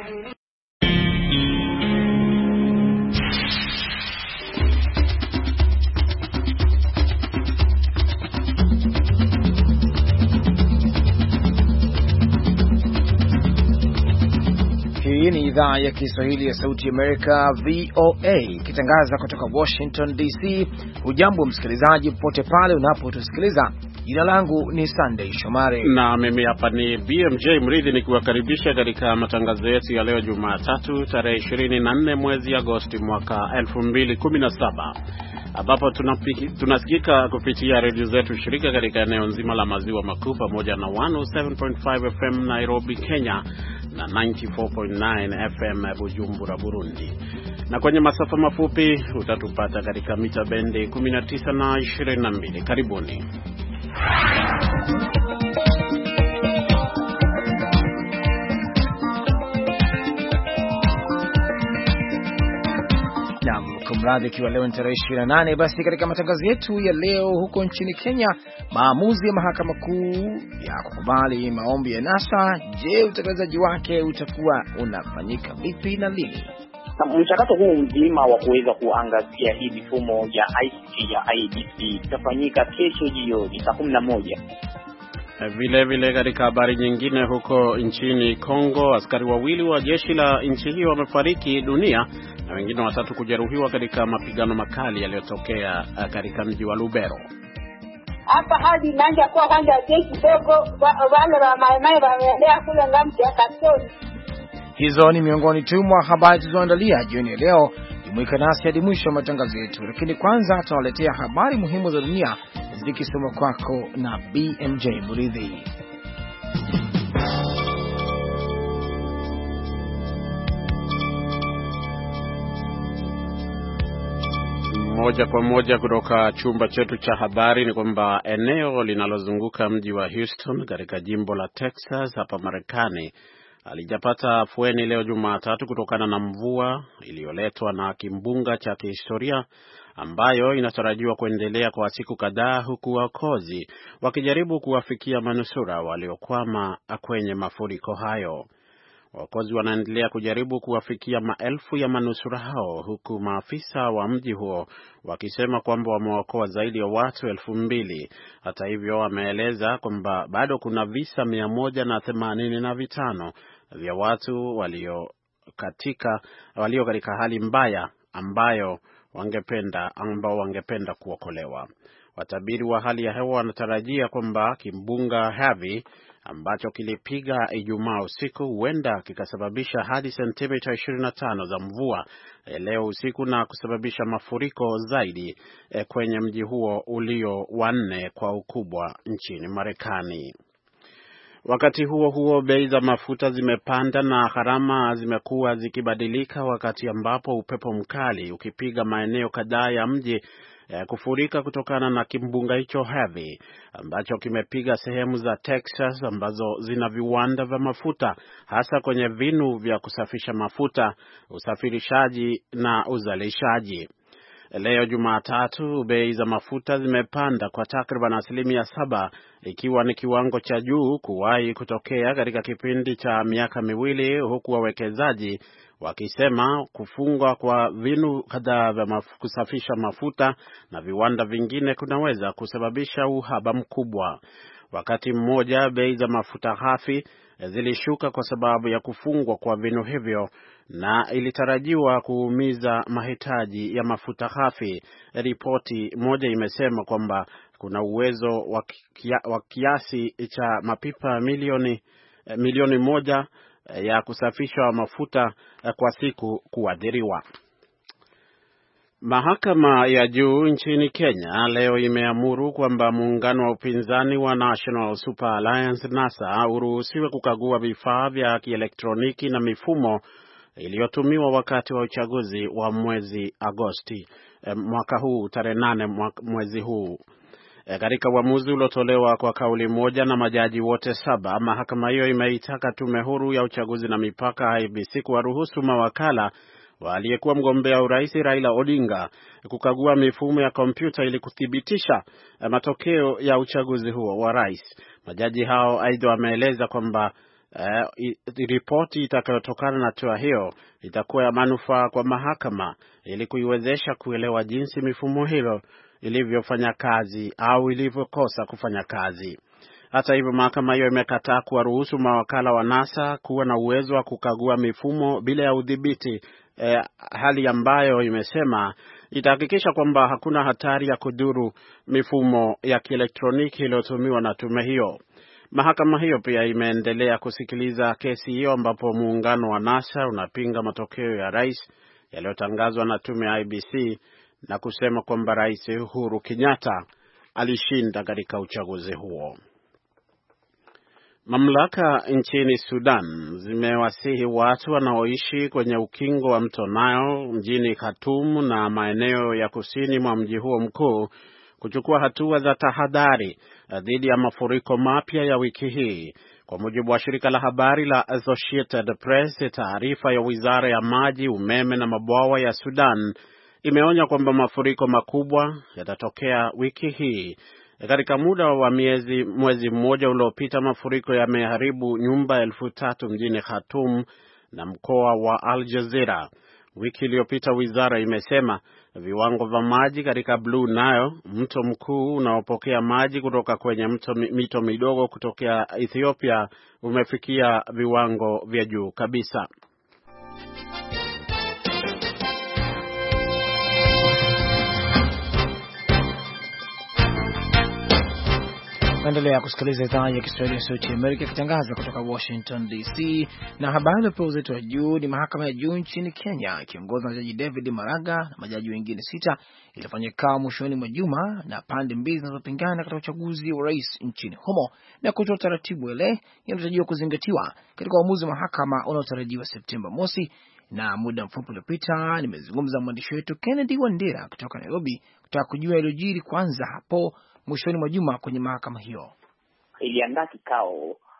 Hii ni idhaa ya Kiswahili ya Sauti Amerika, VOA, ikitangaza kutoka Washington DC. Hujambo msikilizaji, popote pale unapotusikiliza Jina langu ni Sunday Shomari na mimi hapa ni BMJ Mridhi nikiwakaribisha katika matangazo yetu ya leo Jumatatu tarehe 24 mwezi Agosti mwaka 2017 ambapo tunasikika kupitia redio zetu shirika katika eneo nzima la maziwa makuu pamoja na 107.5 FM Nairobi, Kenya na 94.9 FM Bujumbura, Burundi na kwenye masafa mafupi utatupata katika mita bendi 19 na 22. Karibuni. Kumradhi, ikiwa leo ni tarehe 28, basi katika matangazo yetu ya leo, huko nchini Kenya, maamuzi ya mahakama kuu ya kukubali maombi ya NASA. Je, utekelezaji wake utakuwa unafanyika vipi na lini? na mchakato huu mzima wa kuweza kuangazia hii mifumo ya ICT ya IDC itafanyika kesho jioni saa kumi na moja. Vile vile katika habari nyingine, huko nchini Kongo, askari wawili wa jeshi la nchi hiyo wamefariki dunia na wengine watatu kujeruhiwa katika mapigano makali yaliyotokea eh, katika mji wa Lubero. Hapa hadi inaanza kuwa kwanja jeshi dogo, wale wa maimai wameendea kule ngambo ya Katoni Hizo ni miongoni tu mwa habari tulizoandalia jioni ya leo. Jumuika nasi hadi mwisho wa matangazo yetu, lakini kwanza tunawaletea habari muhimu za dunia zikisoma kwako na BMJ Muridhi. Moja kwa moja kutoka chumba chetu cha habari ni kwamba eneo linalozunguka mji wa Houston katika jimbo la Texas hapa Marekani alijapata afueni leo Jumatatu kutokana na mvua iliyoletwa na kimbunga cha kihistoria ambayo inatarajiwa kuendelea kwa siku kadhaa, huku waokozi wakijaribu kuwafikia manusura waliokwama kwenye mafuriko hayo. Waokozi wanaendelea kujaribu kuwafikia maelfu ya manusura hao huku maafisa wa mji huo wakisema kwamba wameokoa zaidi ya watu elfu mbili. Hata hivyo, wameeleza kwamba bado kuna visa mia moja na themanini na vitano vya watu walio katika walio katika hali mbaya ambayo wangependa ambao wangependa kuokolewa. Watabiri wa hali ya hewa wanatarajia kwamba kimbunga Harvey ambacho kilipiga Ijumaa usiku huenda kikasababisha hadi sentimita 25 za mvua eh, leo usiku na kusababisha mafuriko zaidi eh, kwenye mji huo ulio wanne kwa ukubwa nchini Marekani. Wakati huo huo, bei za mafuta zimepanda na gharama zimekuwa zikibadilika, wakati ambapo upepo mkali ukipiga maeneo kadhaa ya mji E, kufurika kutokana na kimbunga hicho Harvey ambacho kimepiga sehemu za Texas ambazo zina viwanda vya mafuta hasa kwenye vinu vya kusafisha mafuta, usafirishaji na uzalishaji. Leo Jumatatu, bei za mafuta zimepanda kwa takriban asilimia saba, ikiwa ni kiwango cha juu kuwahi kutokea katika kipindi cha miaka miwili, huku wawekezaji wakisema kufungwa kwa vinu kadhaa vya kusafisha mafuta na viwanda vingine kunaweza kusababisha uhaba mkubwa. Wakati mmoja bei za mafuta hafi eh, zilishuka kwa sababu ya kufungwa kwa vinu hivyo na ilitarajiwa kuumiza mahitaji ya mafuta ghafi. Ripoti moja imesema kwamba kuna uwezo wa kiasi cha mapipa milioni, eh, milioni moja eh, ya kusafishwa mafuta eh, kwa siku kuadhiriwa Mahakama ya juu nchini Kenya leo imeamuru kwamba muungano wa upinzani wa National Super Alliance NASA uruhusiwe kukagua vifaa vya kielektroniki na mifumo iliyotumiwa wakati wa uchaguzi wa mwezi Agosti eh, mwaka huu tarehe nane mwezi huu. Eh, katika uamuzi uliotolewa kwa kauli moja na majaji wote saba, mahakama hiyo imeitaka tume huru ya uchaguzi na mipaka IBC kuwaruhusu mawakala waliyekuwa mgombea urais Raila Odinga kukagua mifumo ya kompyuta ili kuthibitisha eh, matokeo ya uchaguzi huo wa rais. Majaji hao aidha wameeleza kwamba uh, ripoti itakayotokana na hatua hiyo itakuwa ya manufaa kwa mahakama ili kuiwezesha kuelewa jinsi mifumo hiyo ilivyofanya kazi au ilivyokosa kufanya kazi. Hata hivyo, mahakama hiyo imekataa kuwaruhusu mawakala wa NASA kuwa na uwezo wa kukagua mifumo bila ya udhibiti eh, hali ambayo imesema itahakikisha kwamba hakuna hatari ya kudhuru mifumo ya kielektroniki iliyotumiwa na tume hiyo. Mahakama hiyo pia imeendelea kusikiliza kesi hiyo ambapo muungano wa NASA unapinga matokeo ya rais yaliyotangazwa na tume ya IBC na kusema kwamba Rais Uhuru Kenyatta alishinda katika uchaguzi huo. Mamlaka nchini Sudan zimewasihi watu wanaoishi kwenye ukingo wa mto Nile mjini Khartoum na maeneo ya kusini mwa mji huo mkuu kuchukua hatua za tahadhari Eh, dhidi ya mafuriko mapya ya wiki hii. Kwa mujibu wa shirika la habari la Associated Press, taarifa ya wizara ya maji, umeme na mabwawa ya Sudan imeonya kwamba mafuriko makubwa yatatokea wiki hii. Katika muda wa miezi mwezi mmoja uliopita, mafuriko yameharibu nyumba elfu tatu mjini Khartoum na mkoa wa Al Jazira. Wiki iliyopita wizara imesema Viwango vya maji katika Blue Nile, mto mkuu unaopokea maji kutoka kwenye mto, mito midogo kutokea Ethiopia, umefikia viwango vya juu kabisa. Naendelea kusikiliza idhaa ya Kiswahili ya Sauti ya Amerika ikitangaza kutoka Washington DC. Na habari apewa uzito wa juu ni mahakama ya juu nchini Kenya ikiongozwa na Jaji David Maraga na majaji wengine sita ilifanya kikao mwishoni mwa juma na pande mbili zinazopingana katika uchaguzi wa rais nchini humo na kutoa taratibu ile inayotarajiwa kuzingatiwa katika uamuzi wa mahakama unaotarajiwa Septemba mosi. Na muda mfupi uliopita nimezungumza mwandishi wetu Kennedy Wandera kutoka Nairobi kutaka kujua yaliyojiri kwanza hapo mwishoni mwa juma kwenye mahakama hiyo. Iliandaa kikao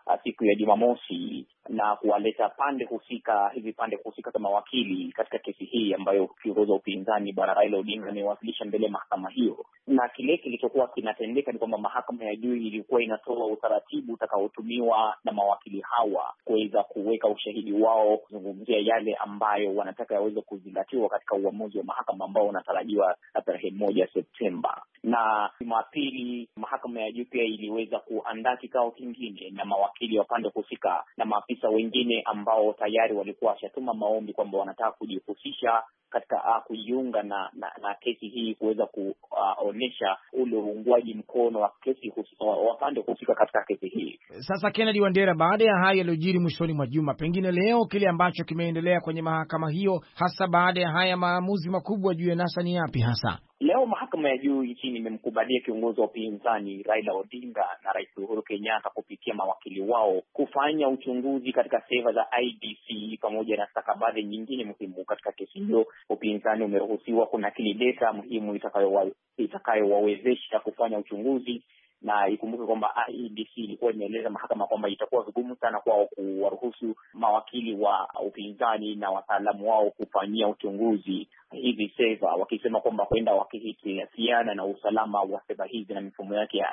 uh, siku ya Jumamosi na kuwaleta pande husika hivi pande husika kama wakili katika kesi hii ambayo kiongozi wa upinzani Bwana Raila Odinga amewasilisha mbele ya mahakama hiyo. Na kile kilichokuwa kinatendeka ni kwamba mahakama ya juu ilikuwa inatoa utaratibu utakaotumiwa na mawakili hawa kuweza kuweka ushahidi wao, kuzungumzia yale ambayo wanataka yaweze kuzingatiwa katika uamuzi wa mahakama ambao unatarajiwa tarehe moja Septemba. Na Jumapili mahakama ya juu pia iliweza kuandaa kikao kingine na mawakili wa pande husika na maafisa wengine ambao tayari walikuwa washatuma maombi kwamba wanataka kujihusisha katika uh, kujiunga na, na na kesi hii kuweza kuonyesha ah, uh, ule uungwaji mkono wa kesi wapande pande husika katika kesi hii. Sasa Kennedy Wandera, baada ya haya yaliyojiri mwishoni mwa juma, pengine leo kile ambacho kimeendelea kwenye mahakama hiyo, hasa baada ya haya maamuzi makubwa juu ya NASA ni yapi hasa? Leo mahakama ya juu nchini imemkubalia kiongozi wa upinzani Raila Odinga na Rais Uhuru Kenyatta kupitia mawakili wao kufanya uchunguzi katika seva za IDC pamoja na stakabadhi nyingine muhimu katika kesi hiyo. Upinzani umeruhusiwa kunakili data muhimu itakayowawezesha itakayo kufanya uchunguzi, na ikumbuke kwamba IDC ilikuwa imeeleza mahakama kwamba itakuwa vigumu sana kwao kuwaruhusu mawakili wa upinzani na wataalamu wao kufanyia uchunguzi hizi seva, wakisema kwamba huenda wakihitilafiana na usalama wa seva hizi na mifumo yake ya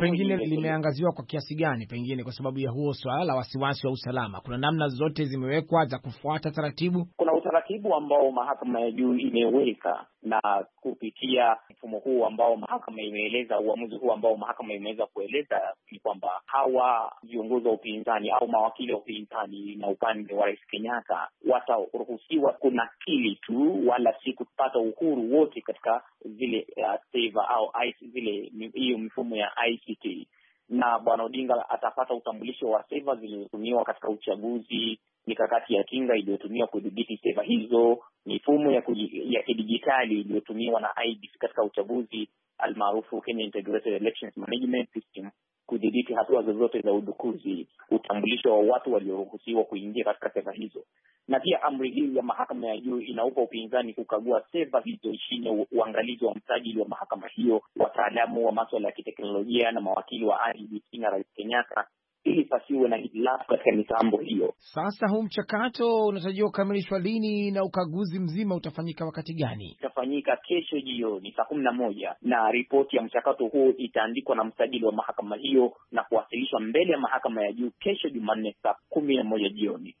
pengine limeangaziwa kwa kiasi gani, pengine kwa sababu ya huo swala la wasiwasi wa usalama? Kuna namna zote zimewekwa za kufuata taratibu? Kuna utaratibu ambao mahakama ya juu imeweka na kupitia mfumo huu ambao mahakama imeeleza, uamuzi huu ambao mahakama imeweza kueleza ni kwamba hawa viongozi wa upinzani upinzani au mawakili wa upinzani na upande wa Rais Kenyatta wataruhusiwa kunakili tu, wala si kupata uhuru wote katika zile seva uh, au zile hiyo mifumo ya ICT na Bwana Odinga atapata utambulisho wa seva zilizotumiwa katika uchaguzi, mikakati ya kinga iliyotumiwa kudhibiti seva hizo, mifumo ya ya kidijitali iliyotumiwa na IBC katika uchaguzi almaarufu Kenya Integrated Elections Management System, kudhibiti hatua zozote za udukuzi, utambulisho wa watu walioruhusiwa kuingia katika seva hizo. Na pia amri hii ya mahakama ya juu inaupa upinzani kukagua seva hizo chini ya uangalizi wa msajili wa mahakama hiyo, wataalamu wa maswala ya kiteknolojia na mawakili wa IEBC na Rais Kenyatta ili pasiwe na hitilafu katika mitambo hiyo. Sasa huu mchakato unatarajiwa kukamilishwa lini na ukaguzi mzima utafanyika wakati gani? Utafanyika kesho jioni saa kumi na moja na ripoti ya mchakato huo itaandikwa na msajili wa mahakama hiyo na kuwasilishwa mbele ya mahakama ya juu kesho Jumanne saa kumi na moja jioni.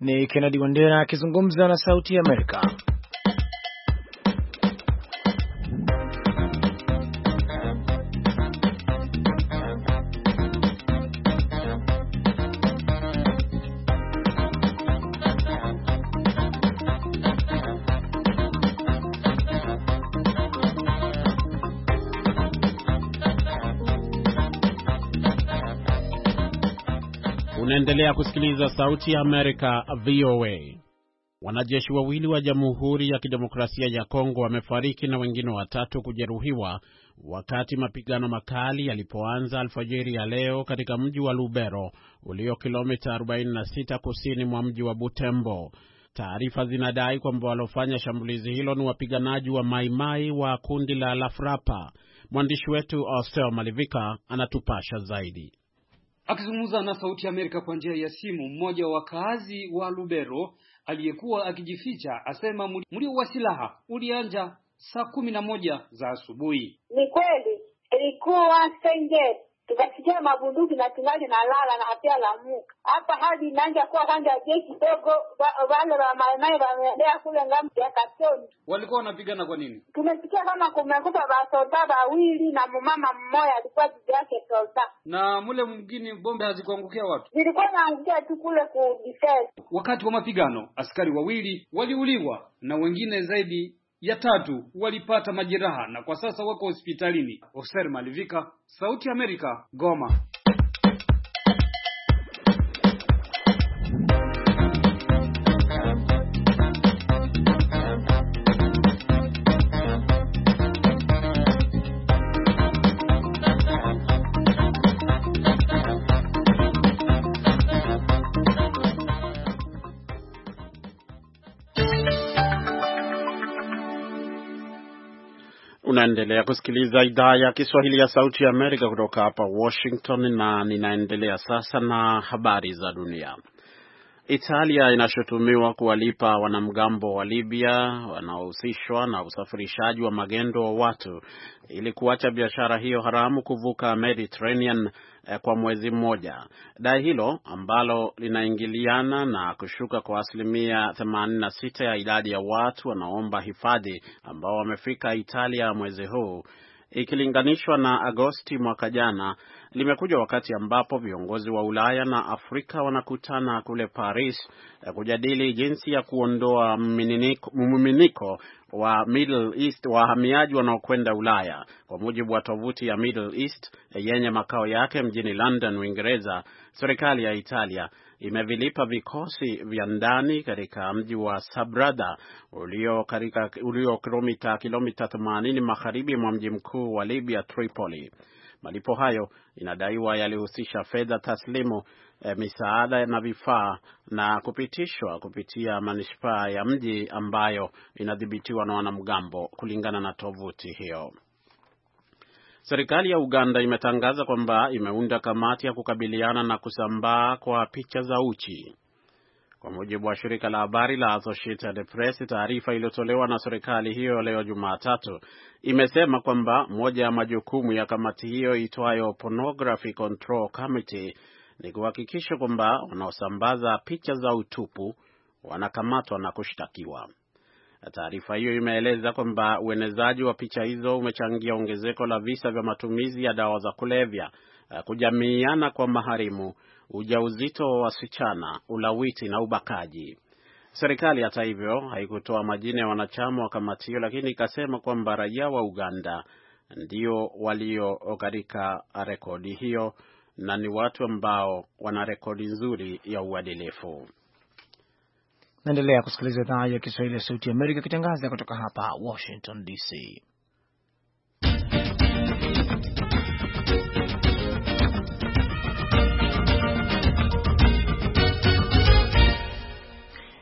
Ni Kennedy Wandera akizungumza na Sauti ya Amerika. Unaendelea kusikiliza Sauti ya Amerika, VOA. Wanajeshi wawili wa Jamhuri ya Kidemokrasia ya Kongo wamefariki na wengine watatu kujeruhiwa wakati mapigano makali yalipoanza alfajiri ya leo katika mji wa Lubero ulio kilomita 46 kusini mwa mji wa Butembo. Taarifa zinadai kwamba waliofanya shambulizi hilo ni wapiganaji wa Maimai wa kundi la Lafrapa. Mwandishi wetu Austel Malivika anatupasha zaidi. Akizungumza na Sauti ya Amerika kwa njia ya simu, mmoja wa wakaazi wa Lubero aliyekuwa akijificha asema mlio wa silaha ulianja saa kumi na moja za asubuhi. Ni kweli ilikuwa sengeti tukasikia mabunduki na tungali na lala na la muka hapa hadi inaanja kuwa kanja jeshi dogo wale wa maimai wameendea kule ngamu ya Katoni. Walikuwa wanapigana kwa nini? Tumesikia kama kumekufa wasoda wawili na mumama mmoja alikuwa jiji yake soda. Na mule mwingine bombe hazikuangukia watu, zilikuwa naangukia tu kule ku defense. Wakati wa mapigano askari wawili waliuliwa na wengine zaidi ya tatu walipata majeraha na kwa sasa wako hospitalini. Oser Malivika, Sauti ya Amerika, Goma. Unaendelea kusikiliza idhaa ya Kiswahili ya Sauti ya Amerika kutoka hapa Washington, na ninaendelea sasa na habari za dunia. Italia inashutumiwa kuwalipa wanamgambo wa Libya wanaohusishwa na usafirishaji wa magendo wa watu ili kuacha biashara hiyo haramu kuvuka Mediterranean eh, kwa mwezi mmoja. Dai hilo ambalo linaingiliana na kushuka kwa asilimia 86 ya idadi ya watu wanaoomba hifadhi ambao wamefika Italia mwezi huu ikilinganishwa na Agosti mwaka jana limekuja wakati ambapo viongozi wa Ulaya na Afrika wanakutana kule Paris eh, kujadili jinsi ya kuondoa mmiminiko wa Middle East wahamiaji wanaokwenda Ulaya. Kwa mujibu wa tovuti ya Middle East eh, yenye makao yake mjini London, Uingereza, serikali ya Italia imevilipa vikosi vya ndani katika mji wa Sabrada ulio katika ulio kilomita kilomita 80 magharibi mwa mji mkuu wa Libya Tripoli. Malipo hayo inadaiwa yalihusisha fedha taslimu, e, misaada na vifaa na kupitishwa kupitia manispaa ya mji ambayo inadhibitiwa na wanamgambo, kulingana na tovuti hiyo. Serikali ya Uganda imetangaza kwamba imeunda kamati ya kukabiliana na kusambaa kwa picha za uchi. Kwa mujibu wa shirika la habari la Associated Press, taarifa iliyotolewa na serikali hiyo leo Jumatatu imesema kwamba moja ya majukumu ya kamati hiyo itwayo Pornography Control Committee ni kuhakikisha kwamba wanaosambaza picha za utupu wanakamatwa na kushtakiwa. Taarifa hiyo imeeleza kwamba uenezaji wa picha hizo umechangia ongezeko la visa vya matumizi ya dawa za kulevya, kujamiiana kwa maharimu ujauzito wa wasichana, ulawiti na ubakaji. Serikali hata hivyo haikutoa majina ya wanachama wa kamati hiyo, lakini ikasema kwamba raia wa Uganda ndio walio katika rekodi hiyo na ni watu ambao wana rekodi nzuri ya uadilifu. Naendelea kusikiliza idhaa ya Kiswahili ya Sauti ya Amerika ikitangaza kutoka hapa Washington DC.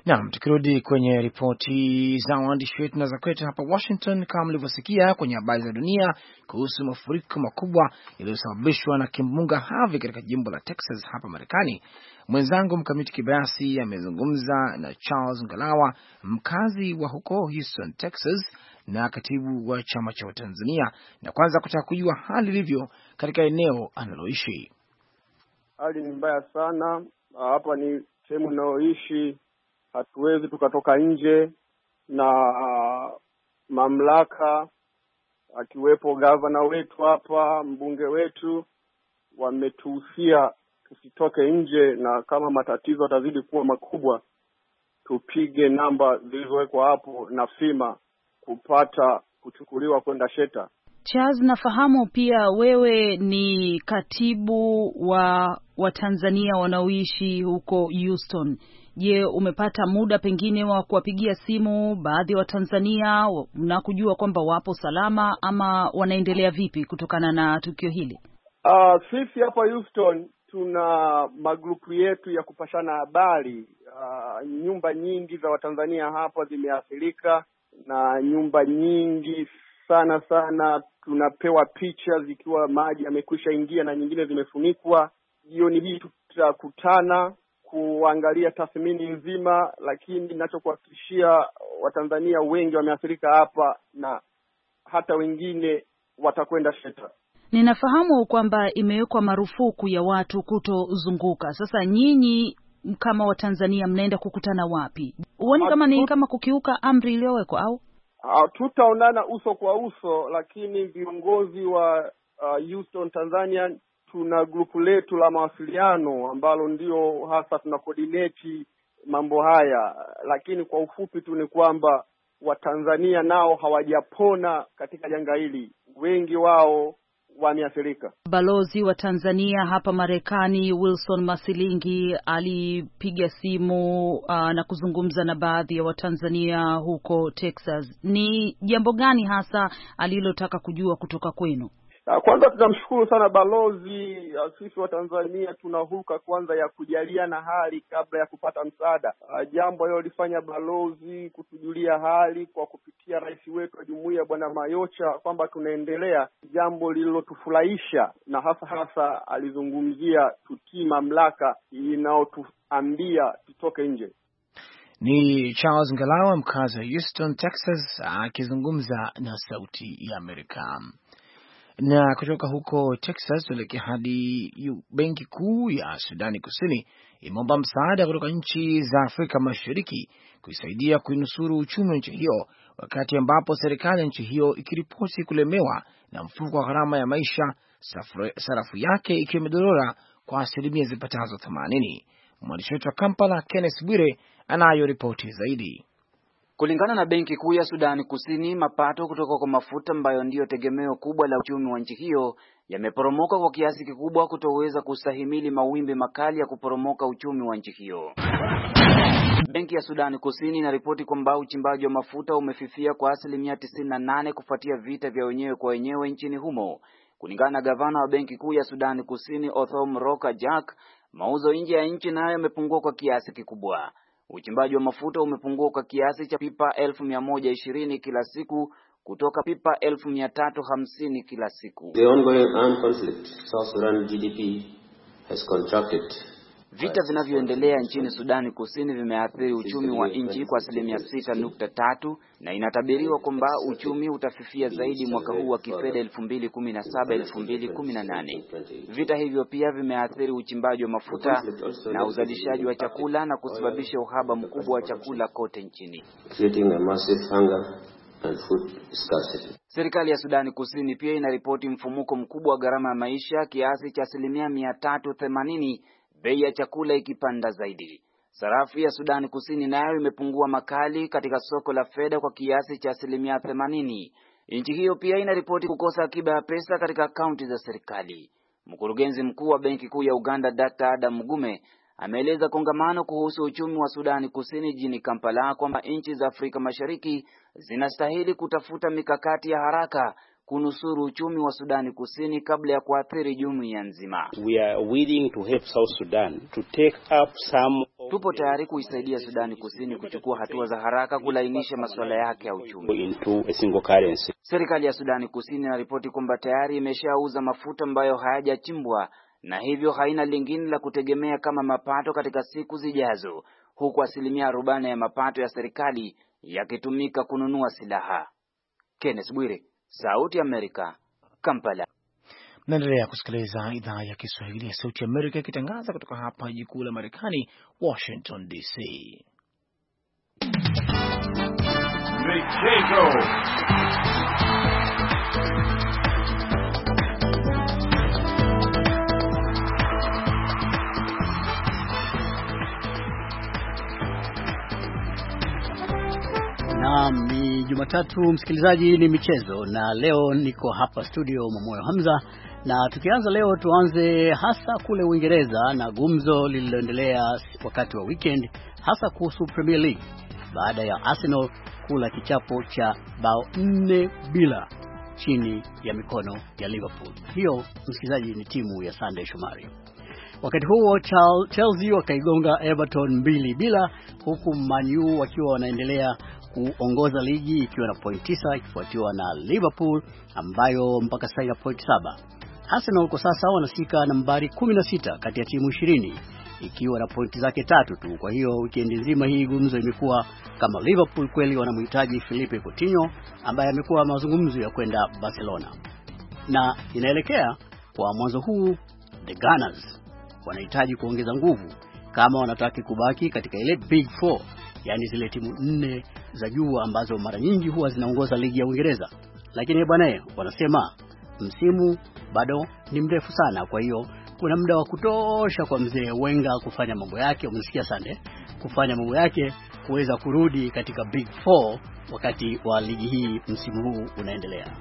Naam, tukirudi kwenye ripoti za waandishi wetu na za kwetu hapa Washington, kama mlivyosikia kwenye habari za dunia kuhusu mafuriko makubwa yaliyosababishwa na kimbunga Harvey katika jimbo la Texas hapa Marekani, mwenzangu Mkamiti Kibayasi amezungumza na Charles Ngalawa, mkazi wa huko Houston, Texas, na katibu wa chama cha Watanzania, na kwanza kutaka kujua hali ilivyo katika eneo analoishi. Hali ni mbaya sana hapa, ni sehemu inayoishi hatuwezi tukatoka nje na uh, mamlaka akiwepo gavana wetu hapa, mbunge wetu wametuhusia tusitoke nje, na kama matatizo yatazidi kuwa makubwa, tupige namba zilizowekwa hapo na fima kupata kuchukuliwa kwenda Sheta. Charles, nafahamu pia wewe ni katibu wa Watanzania wanaoishi huko Houston. Je, umepata muda pengine wa kuwapigia simu baadhi ya wa Watanzania na kujua kwamba wapo salama ama wanaendelea vipi kutokana na tukio hili? Uh, sisi hapa Houston tuna magrupu yetu ya kupashana habari. Uh, nyumba nyingi za Watanzania hapa zimeathirika na nyumba nyingi sana sana tunapewa picha zikiwa maji yamekwisha ingia na nyingine zimefunikwa. Jioni hii tutakutana kuangalia tathmini nzima, lakini ninachokuhakikishia Watanzania wengi wameathirika hapa na hata wengine watakwenda Sheta. Ninafahamu kwamba imewekwa marufuku ya watu kutozunguka. Sasa nyinyi kama Watanzania mnaenda kukutana wapi? Huoni kama ni kama kukiuka amri iliyowekwa au tutaonana uso kwa uso? Lakini viongozi wa uh, Houston Tanzania tuna grupu letu la mawasiliano ambalo ndio hasa tuna coordinate mambo haya, lakini kwa ufupi tu ni kwamba Watanzania nao hawajapona katika janga hili, wengi wao wameathirika. Balozi wa Tanzania hapa Marekani Wilson Masilingi alipiga simu uh, na kuzungumza na baadhi ya Watanzania huko Texas. Ni jambo gani hasa alilotaka kujua kutoka kwenu? Ah, kwanza tunamshukuru sana balozi. Ah, sisi wa Tanzania tuna hulka kwanza ya kujaliana hali kabla ya kupata msaada. Ah, jambo alilolifanya balozi kutujulia hali kwa kupitia rais wetu wa jumuiya Bwana Mayocha kwamba tunaendelea, jambo lililotufurahisha, na hasa hasa alizungumzia tutii mamlaka inayotuambia tutoke nje. Ni Charles Ngalawa, mkazi wa Houston, Texas, akizungumza na Sauti ya Amerika. Na kutoka huko Texas tuelekea hadi benki kuu ya Sudani Kusini imeomba msaada kutoka nchi za Afrika Mashariki kuisaidia kuinusuru uchumi wa nchi hiyo, wakati ambapo serikali ya nchi hiyo ikiripoti kulemewa na mfuko wa gharama ya maisha, sarafu yake ikiwa imedorora kwa asilimia zipatazo 80. Mwandishi wetu wa Kampala, Kenneth Bwire, anayo ripoti zaidi. Kulingana na Benki Kuu ya Sudani Kusini, mapato kutoka kwa mafuta ambayo ndiyo tegemeo kubwa la uchumi wa nchi hiyo yameporomoka kwa kiasi kikubwa kutoweza kustahimili mawimbi makali ya kuporomoka uchumi wa nchi hiyo. Benki ya Sudani Kusini inaripoti kwamba uchimbaji wa mafuta umefifia kwa asilimia 98 kufuatia vita vya wenyewe kwa wenyewe nchini humo. Kulingana na gavana wa Benki Kuu ya Sudani Kusini, Othom Roka Jack, mauzo nje ya nchi nayo yamepungua kwa kiasi kikubwa. Uchimbaji wa mafuta umepungua kwa kiasi cha pipa elfu kila siku kutoka pipa elfu kila siku. The ongoing armed conflict, South Sudan GDP has contracted Vita vinavyoendelea nchini Sudani Kusini vimeathiri uchumi wa nchi kwa asilimia sita nukta tatu na inatabiriwa kwamba uchumi utafifia zaidi mwaka huu wa kifedha 2017 2018. Vita hivyo pia vimeathiri uchimbaji wa mafuta na uzalishaji wa chakula na kusababisha uhaba mkubwa wa chakula kote nchini. Serikali ya Sudani Kusini pia inaripoti mfumuko mkubwa wa gharama ya maisha kiasi cha asilimia 380 bei ya chakula ikipanda zaidi. Sarafu ya Sudani Kusini nayo imepungua makali katika soko la fedha kwa kiasi cha asilimia 80. Nchi hiyo pia inaripoti kukosa akiba ya pesa katika akaunti za serikali. Mkurugenzi mkuu wa Benki Kuu ya Uganda, Dr. Adam gume ameeleza kongamano kuhusu uchumi wa Sudani Kusini jijini Kampala kwamba nchi za Afrika Mashariki zinastahili kutafuta mikakati ya haraka kunusuru uchumi wa Sudani Kusini kabla ya kuathiri jumuiya nzima. We are willing to help South Sudan to take up some... tupo tayari kuisaidia Sudani Kusini kuchukua hatua za haraka kulainisha masuala yake ya uchumi. Into a single currency. Serikali ya Sudani Kusini inaripoti kwamba tayari imeshauza mafuta ambayo hayajachimbwa na hivyo haina lingine la kutegemea kama mapato katika siku zijazo, huku asilimia arobaini ya mapato ya serikali yakitumika kununua silaha. Kenneth Bwire Sauti Amerika, Kampala. Naendelea kusikiliza idhaa ya Kiswahili ya Sauti Amerika ikitangaza kutoka hapa jiji kuu la Marekani, Washington DC. Michezo Naam, ni Jumatatu msikilizaji, ni michezo na leo niko hapa studio Mamoyo Hamza, na tukianza leo tuanze hasa kule Uingereza na gumzo lililoendelea wakati wa weekend, hasa kuhusu Premier League baada ya Arsenal kula kichapo cha bao nne bila chini ya mikono ya Liverpool. Hiyo msikilizaji, ni timu ya Sunday Shomari. Wakati huo Chelsea wakaigonga Everton mbili bila, huku Man U wakiwa wanaendelea kuongoza ligi ikiwa na point 9 ikifuatiwa na Liverpool ambayo mpaka sasa ina point 7. Arsenal kwa sasa wanashika nambari 16 kati ya timu 20 ikiwa na pointi zake tatu tu. Kwa hiyo wikendi nzima hii gumzo imekuwa kama Liverpool kweli wanamhitaji Philippe Coutinho ambaye amekuwa mazungumzo ya kwenda Barcelona, na inaelekea kwa mwanzo huu the Gunners wanahitaji kuongeza nguvu kama wanataka kubaki katika ile big four, yani zile timu nne za juu ambazo mara nyingi huwa zinaongoza ligi ya Uingereza. Lakini bwana, wanasema msimu bado ni mrefu sana, kwa hiyo kuna muda wa kutosha kwa mzee Wenga kufanya mambo yake. Umesikia Sande, kufanya mambo yake kuweza kurudi katika Big Four wakati wa ligi hii msimu huu unaendelea.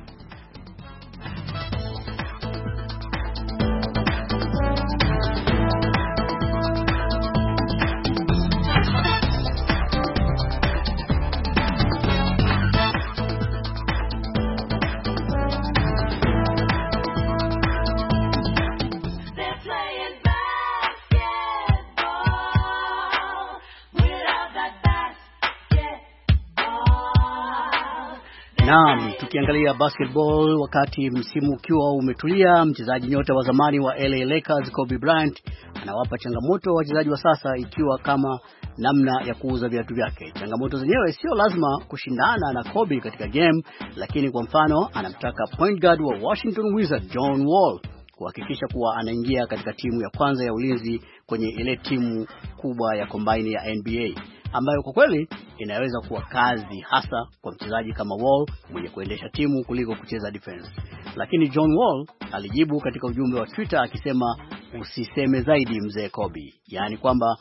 Tukiangalia basketball, wakati msimu ukiwa umetulia, mchezaji nyota wa zamani wa LA Lakers Kobe Bryant anawapa changamoto wa wachezaji wa sasa, ikiwa kama namna ya kuuza viatu vyake. Changamoto zenyewe sio lazima kushindana na Kobe katika game, lakini kwa mfano anamtaka point guard wa Washington Wizards John Wall kuhakikisha kuwa anaingia katika timu ya kwanza ya ulinzi kwenye ile timu kubwa ya kombaini ya NBA ambayo kwa kweli inaweza kuwa kazi hasa kwa mchezaji kama Wall mwenye kuendesha timu kuliko kucheza defense. Lakini John Wall alijibu katika ujumbe wa Twitter akisema usiseme zaidi mzee Kobe, yaani kwamba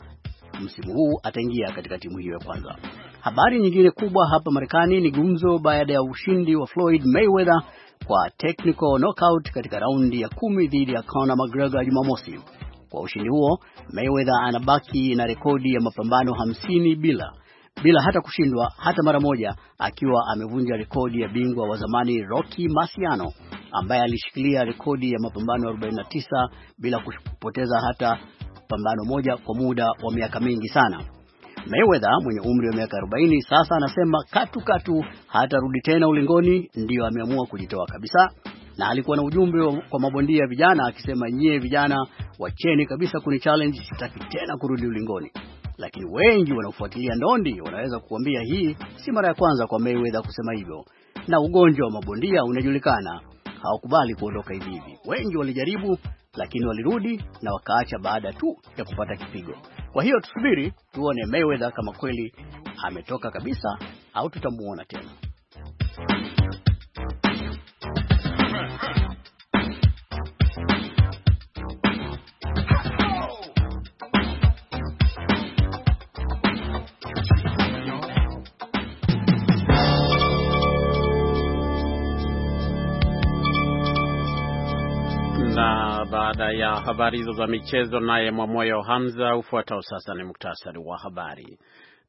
msimu huu ataingia katika timu hiyo ya kwanza. Habari nyingine kubwa hapa Marekani ni gumzo baada ya ushindi wa Floyd Mayweather kwa technical knockout katika raundi ya kumi dhidi ya Conor McGregor Jumamosi. Kwa ushindi huo, Mayweather anabaki na rekodi ya mapambano hamsini bila bila hata kushindwa hata mara moja, akiwa amevunja rekodi ya bingwa wa zamani Rocky Marciano ambaye alishikilia rekodi ya mapambano 49 bila kupoteza hata pambano moja kwa muda wa miaka mingi sana. Mayweather mwenye umri wa miaka 40 sasa anasema katu katu hatarudi tena ulingoni, ndiyo ameamua kujitoa kabisa, na alikuwa na ujumbe kwa mabondia vijana akisema, nyie vijana wacheni kabisa kuni challenge, sitaki tena kurudi ulingoni lakini wengi wanaofuatilia ndondi wanaweza kukuambia hii si mara ya kwanza kwa Mayweather kusema hivyo, na ugonjwa wa mabondia unajulikana, hawakubali kuondoka hivi hivi. Wengi walijaribu, lakini walirudi na wakaacha baada tu ya kupata kipigo. Kwa hiyo tusubiri tuone Mayweather kama kweli ametoka kabisa au tutamuona tena. habari hizo za michezo, naye Mwamoyo Hamza. Ufuatao sasa ni muktasari wa habari.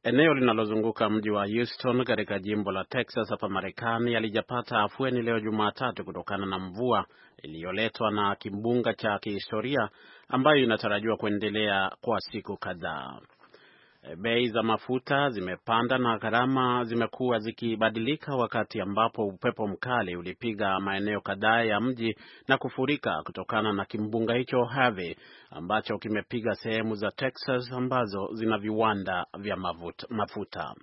Eneo linalozunguka mji wa Houston katika jimbo la Texas hapa Marekani alijapata afueni leo Jumatatu kutokana na mvua iliyoletwa na kimbunga cha kihistoria ambayo inatarajiwa kuendelea kwa siku kadhaa. E, bei za mafuta zimepanda na gharama zimekuwa zikibadilika, wakati ambapo upepo mkali ulipiga maeneo kadhaa ya mji na kufurika kutokana na kimbunga hicho Harvey ambacho kimepiga sehemu za Texas ambazo zina viwanda vya mafuta.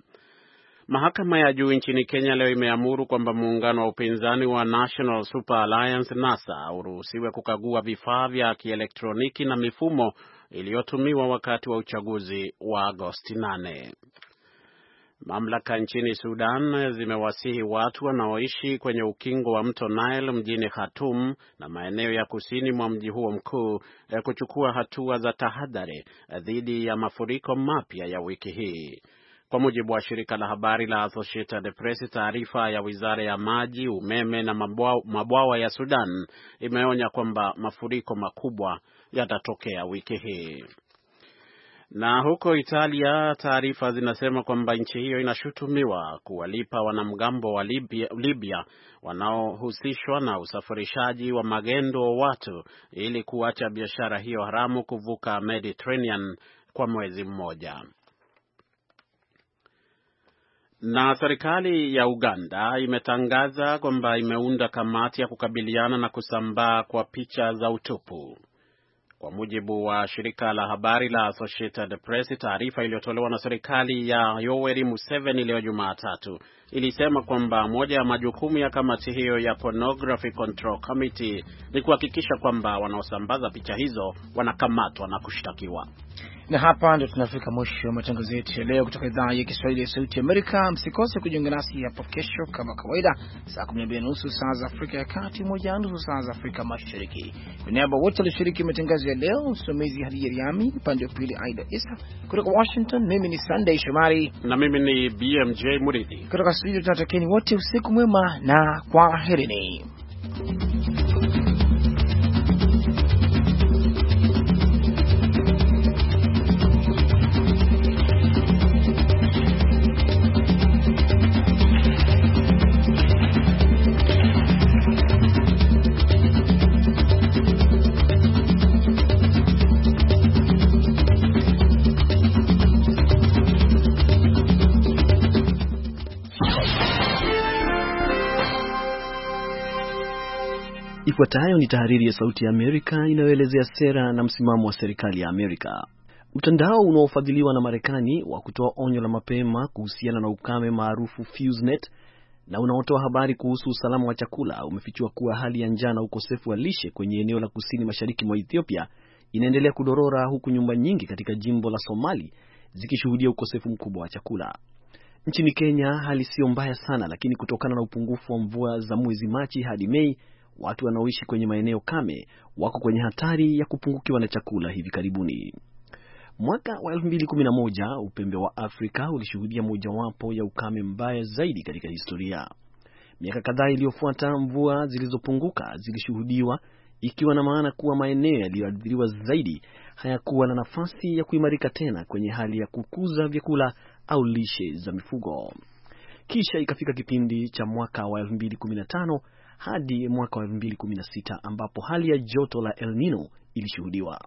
Mahakama ya juu nchini Kenya leo imeamuru kwamba muungano wa upinzani wa National Super Alliance NASA uruhusiwe kukagua vifaa vya kielektroniki na mifumo iliyotumiwa wakati wa uchaguzi wa Agosti 8. Mamlaka nchini Sudan zimewasihi watu wanaoishi kwenye ukingo wa mto Nile mjini Khartoum na maeneo ya kusini mwa mji huo mkuu eh, kuchukua hatua za tahadhari eh, dhidi ya mafuriko mapya ya wiki hii. Kwa mujibu wa shirika la habari la Associated Press, taarifa ya wizara ya maji, umeme na mabwawa ya Sudan imeonya kwamba mafuriko makubwa yatatokea wiki hii. Na huko Italia, taarifa zinasema kwamba nchi hiyo inashutumiwa kuwalipa wanamgambo wa Libya, Libya wanaohusishwa na usafirishaji wa magendo wa watu ili kuacha biashara hiyo haramu kuvuka Mediterranean kwa mwezi mmoja. Na serikali ya Uganda imetangaza kwamba imeunda kamati ya kukabiliana na kusambaa kwa picha za utupu. Kwa mujibu wa shirika la habari la Associated Press, taarifa iliyotolewa na serikali ya Yoweri Museveni leo Jumatatu ilisema kwamba moja ya majukumu ya kamati hiyo ya Pornography Control Committee ni kuhakikisha kwamba wanaosambaza picha hizo wanakamatwa na kushtakiwa. Na hapa ndio tunafika mwisho wa matangazo yetu ya leo kutoka idhaa ya Kiswahili ya Sauti Amerika. Msikose kujiunga nasi hapo kesho kama kawaida, saa 12:30 saa za Afrika ya Kati, moja nusu saa za Afrika Mashariki. Kwa niaba wote walioshiriki matangazo ya leo, msimamizi Hadija Riami, upande wa pili Aida Isa kutoka Washington, mimi ni Sunday Shomari na mimi ni BMJ Muridhi kutoka studio tunatakieni wote usiku mwema na kwaherini. Ifuatayo ni tahariri ya Sauti ya Amerika inayoelezea sera na msimamo wa serikali ya Amerika. Mtandao unaofadhiliwa na Marekani wa kutoa onyo la mapema kuhusiana na ukame maarufu FuseNet na unaotoa habari kuhusu usalama wa chakula umefichua kuwa hali ya njaa na ukosefu wa lishe kwenye eneo la kusini mashariki mwa Ethiopia inaendelea kudorora huku nyumba nyingi katika jimbo la Somali zikishuhudia ukosefu mkubwa wa chakula. Nchini Kenya hali siyo mbaya sana, lakini kutokana na upungufu wa mvua za mwezi Machi hadi Mei watu wanaoishi kwenye maeneo kame wako kwenye hatari ya kupungukiwa na chakula hivi karibuni. Mwaka wa 2011 upembe wa Afrika ulishuhudia mojawapo ya ukame mbaya zaidi katika historia. Miaka kadhaa iliyofuata, mvua zilizopunguka zilishuhudiwa, ikiwa na maana kuwa maeneo yaliyoathiriwa zaidi hayakuwa na nafasi ya kuimarika tena kwenye hali ya kukuza vyakula au lishe za mifugo. Kisha ikafika kipindi cha mwaka wa 2015 hadi mwaka wa 2016 ambapo hali ya joto la El Nino ilishuhudiwa.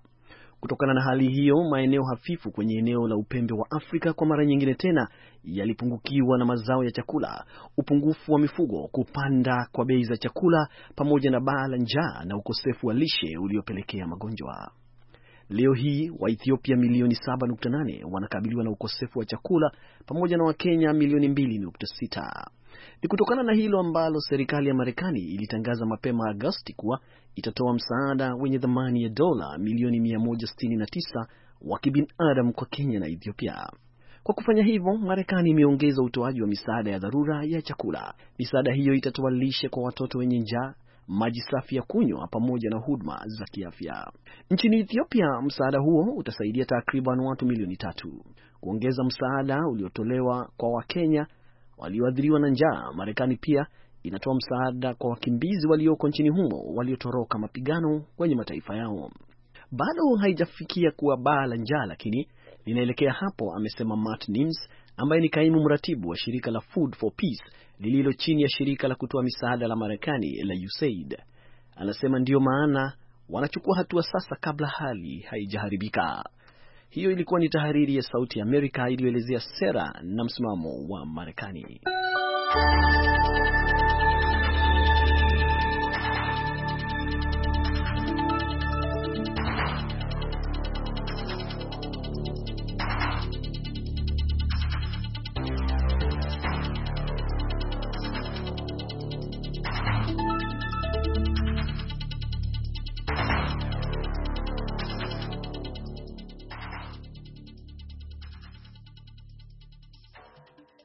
Kutokana na hali hiyo, maeneo hafifu kwenye eneo la upembe wa Afrika kwa mara nyingine tena yalipungukiwa na mazao ya chakula, upungufu wa mifugo, kupanda kwa bei za chakula, pamoja na baa la njaa na ukosefu wa lishe uliopelekea magonjwa. Leo hii Waethiopia milioni 7.8 wanakabiliwa na ukosefu wa chakula pamoja na Wakenya milioni 2.6. Ni kutokana na hilo ambalo serikali ya Marekani ilitangaza mapema Agosti kuwa itatoa msaada wenye thamani ya dola milioni 169 wa kibinadamu kwa Kenya na Ethiopia. Kwa kufanya hivyo, Marekani imeongeza utoaji wa misaada ya dharura ya chakula. Misaada hiyo itatoa lishe kwa watoto wenye njaa, maji safi ya kunywa, pamoja na huduma za kiafya. Nchini Ethiopia, msaada huo utasaidia takriban watu milioni tatu. Kuongeza msaada uliotolewa kwa Wakenya walioathiriwa na njaa. Marekani pia inatoa msaada kwa wakimbizi walioko nchini humo waliotoroka mapigano kwenye mataifa yao. Bado haijafikia kuwa baa la njaa, lakini linaelekea hapo, amesema Matt Nims ambaye ni kaimu mratibu wa shirika la Food for Peace lililo chini ya shirika la kutoa misaada la Marekani la USAID. Anasema ndiyo maana wanachukua hatua sasa kabla hali haijaharibika. Hiyo ilikuwa ni tahariri ya Sauti ya Amerika iliyoelezea sera na msimamo wa Marekani.